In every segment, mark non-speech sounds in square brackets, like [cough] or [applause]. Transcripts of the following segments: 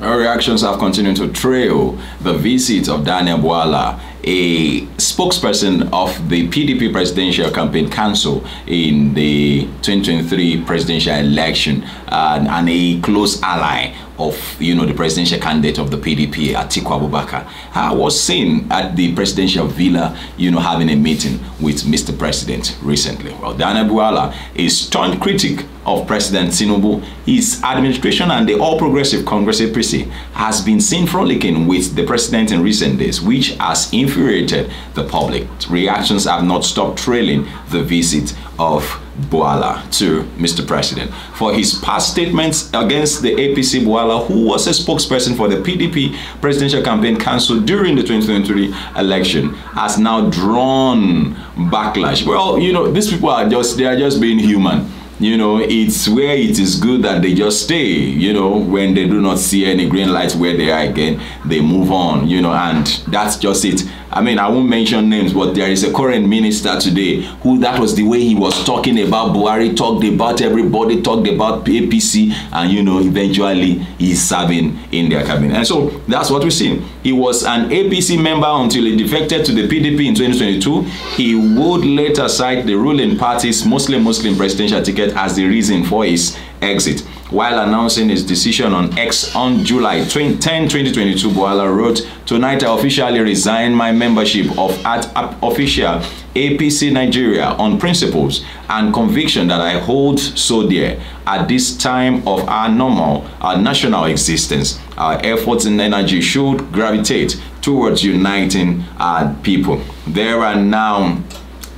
Reactions have continued to trail the visit of Daniel Bwala a spokesperson of the PDP Presidential Campaign Council in the 2023 presidential election uh, and a close ally of you know the presidential candidate of the PDP, Atiku Abubakar. I was seen at the presidential villa, you know, having a meeting with Mr. President recently. Well, Dana Buala, a staunch critic of President Sinobu, his administration and the All Progressive Congress APC has been seen frolicking with the president in recent days, which has influenced infuriated the public. Reactions have not stopped trailing the visit of Boala to Mr. President for his past statements against the APC Boala, who was a spokesperson for the PDP Presidential Campaign Council during the 2023 election, has now drawn backlash. Well, you know, these people are just, they are just being human you know it's where it is good that they just stay you know when they do not see any green lights where they are again they move on you know and that's just it I mean, I won't mention names, but there is a current minister today who that was the way he was talking about Buhari, talked about everybody, talked about APC, and you know, eventually he's serving in their cabinet. And so that's what we see. He was an APC member until he defected to the PDP in 2022. He would later cite the ruling party's Muslim Muslim presidential ticket as the reason for his exit. While announcing his decision on X on July 20, 10, 2022, Boala wrote, Tonight I officially resign my membership of at official APC Nigeria on principles and conviction that I hold so dear at this time of our normal, our national existence. Our efforts and energy should gravitate towards uniting our people. There are now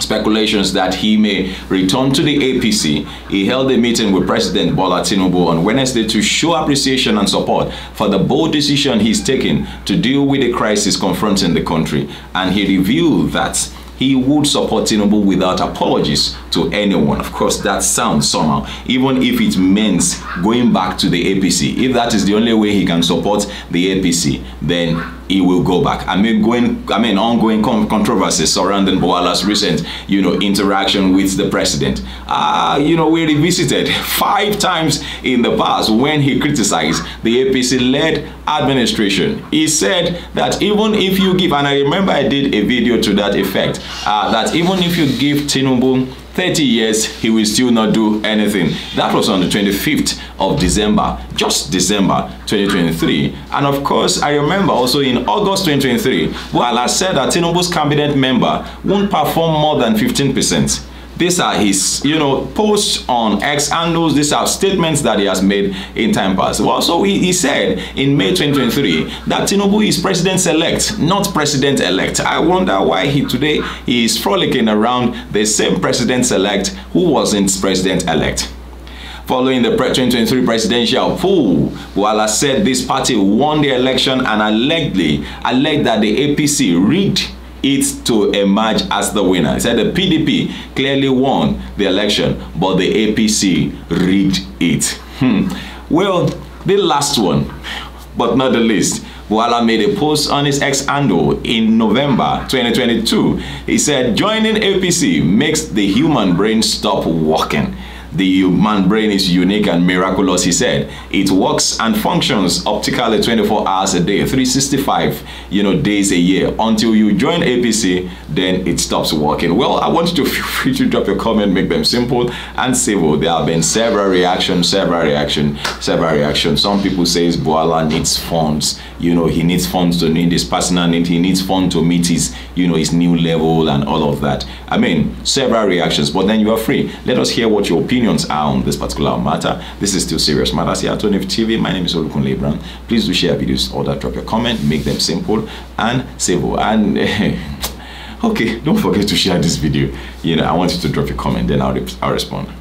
speculations that he may return to the APC, he held a meeting with President Bola Tinubu on Wednesday to show appreciation and support for the bold decision he's taken to deal with the crisis confronting the country. And he revealed that he would support Tinubu without apologies to anyone. Of course, that sounds somehow, even if it means going back to the APC. If that is the only way he can support the APC, then he will go back. I mean, going, I mean, ongoing controversies surrounding Boala's recent, you know, interaction with the president. Uh, you know, we visited [laughs] five times in the past when he criticized the APC-led administration. He said that even if you give, and I remember I did a video to that effect, uh, that even if you give Tinubu 30 years, he will still not do anything. That was on the 25th of December, just December 2023. And of course, I remember also in August 2023, Wala said that Tinubu's cabinet member won't perform more than 15 percent These are his, you know, posts on X angles. These are statements that he has made in time past. Well, so he, he said in May 2023 that Tinubu is president-elect, not president-elect. I wonder why he today he is frolicking around the same president-elect who wasn't president-elect following the 2023 presidential poll. Buala said this party won the election and allegedly alleged that the APC rigged it to emerge as the winner. He said the PDP clearly won the election, but the APC rigged it. Hmm. Well, the last one, but not the least, Wala made a post on his ex handle in November 2022. He said, joining APC makes the human brain stop working. The human brain is unique and miraculous, he said. It works and functions optically 24 hours a day, 365 you know, days a year. Until you join APC, then it stops working. Well, I want you to [laughs] feel free to drop your comment, make them simple and civil. There have been several reactions, several reactions, several reactions. Some people say Boala needs funds. You know, he needs funds to meet his personal need. He needs funds to meet his, you know, his new level and all of that. I mean, several reactions, but then you are free. Let us hear what your opinion opinions are on this particular matter. This is still serious matters here at Tony TV. My name is Olukun Lebron. Please do share videos or that drop your comment, make them simple and civil. And [laughs] okay, don't forget to share this video. You know, I want you to drop your comment, then I'll, I'll respond.